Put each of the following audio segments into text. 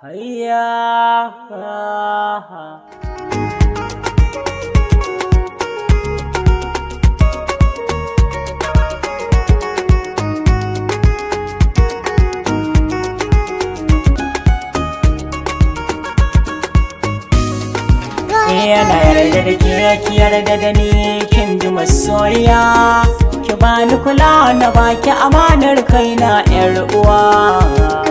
Hayya ha yana yarda da ke ki yarda da ni kin ji ki bani kulawa na baki amanar kaina yar uwa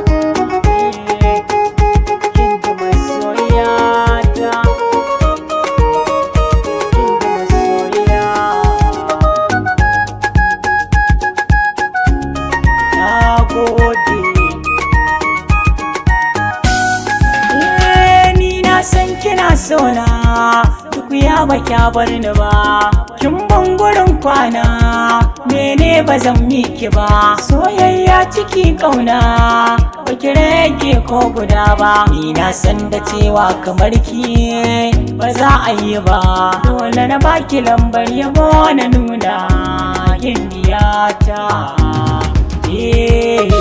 sona duk ya ba kya bar ni ba kin ban gurin kwana mene ba zan ki ba soyayya ciki ƙauna. taɓa kirege ko guda ba ni na san da cewa kamar ki ba za a yi ba dole na baki lambar yabo na nuna kin biya ta eh.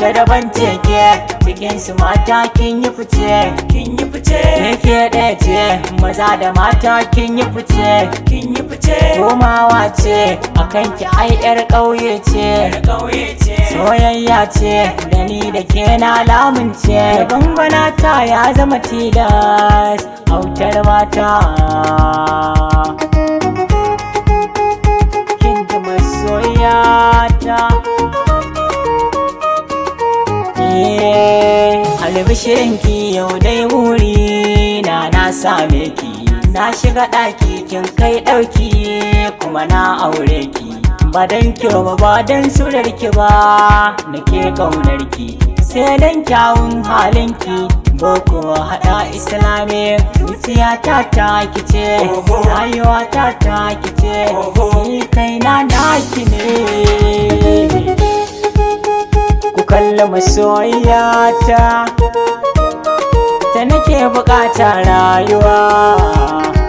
ta daban teke cikin su mata kin yi fice kin yi fice Keke ɗaya ce maza da mata kin yi fice Kin yi fice Komawa ce a kanki ai ƴar ƙauye ce Soyayya ce da ni da ke na lamunce Gangana ta ya zama tilas autar mata Kin masoyata Yeah albishirinki yau dai wuri na na same ki na shiga ɗaki kin kai ɗauki kuma na aure ki ba dan kyau ba ba dan surarki ba nake ki sai dan kyawun halinki boko haɗa islami zuciya ta ta kice rayuwa ta ta kice ni kaina na ne da masoyata ta nake bukata rayuwa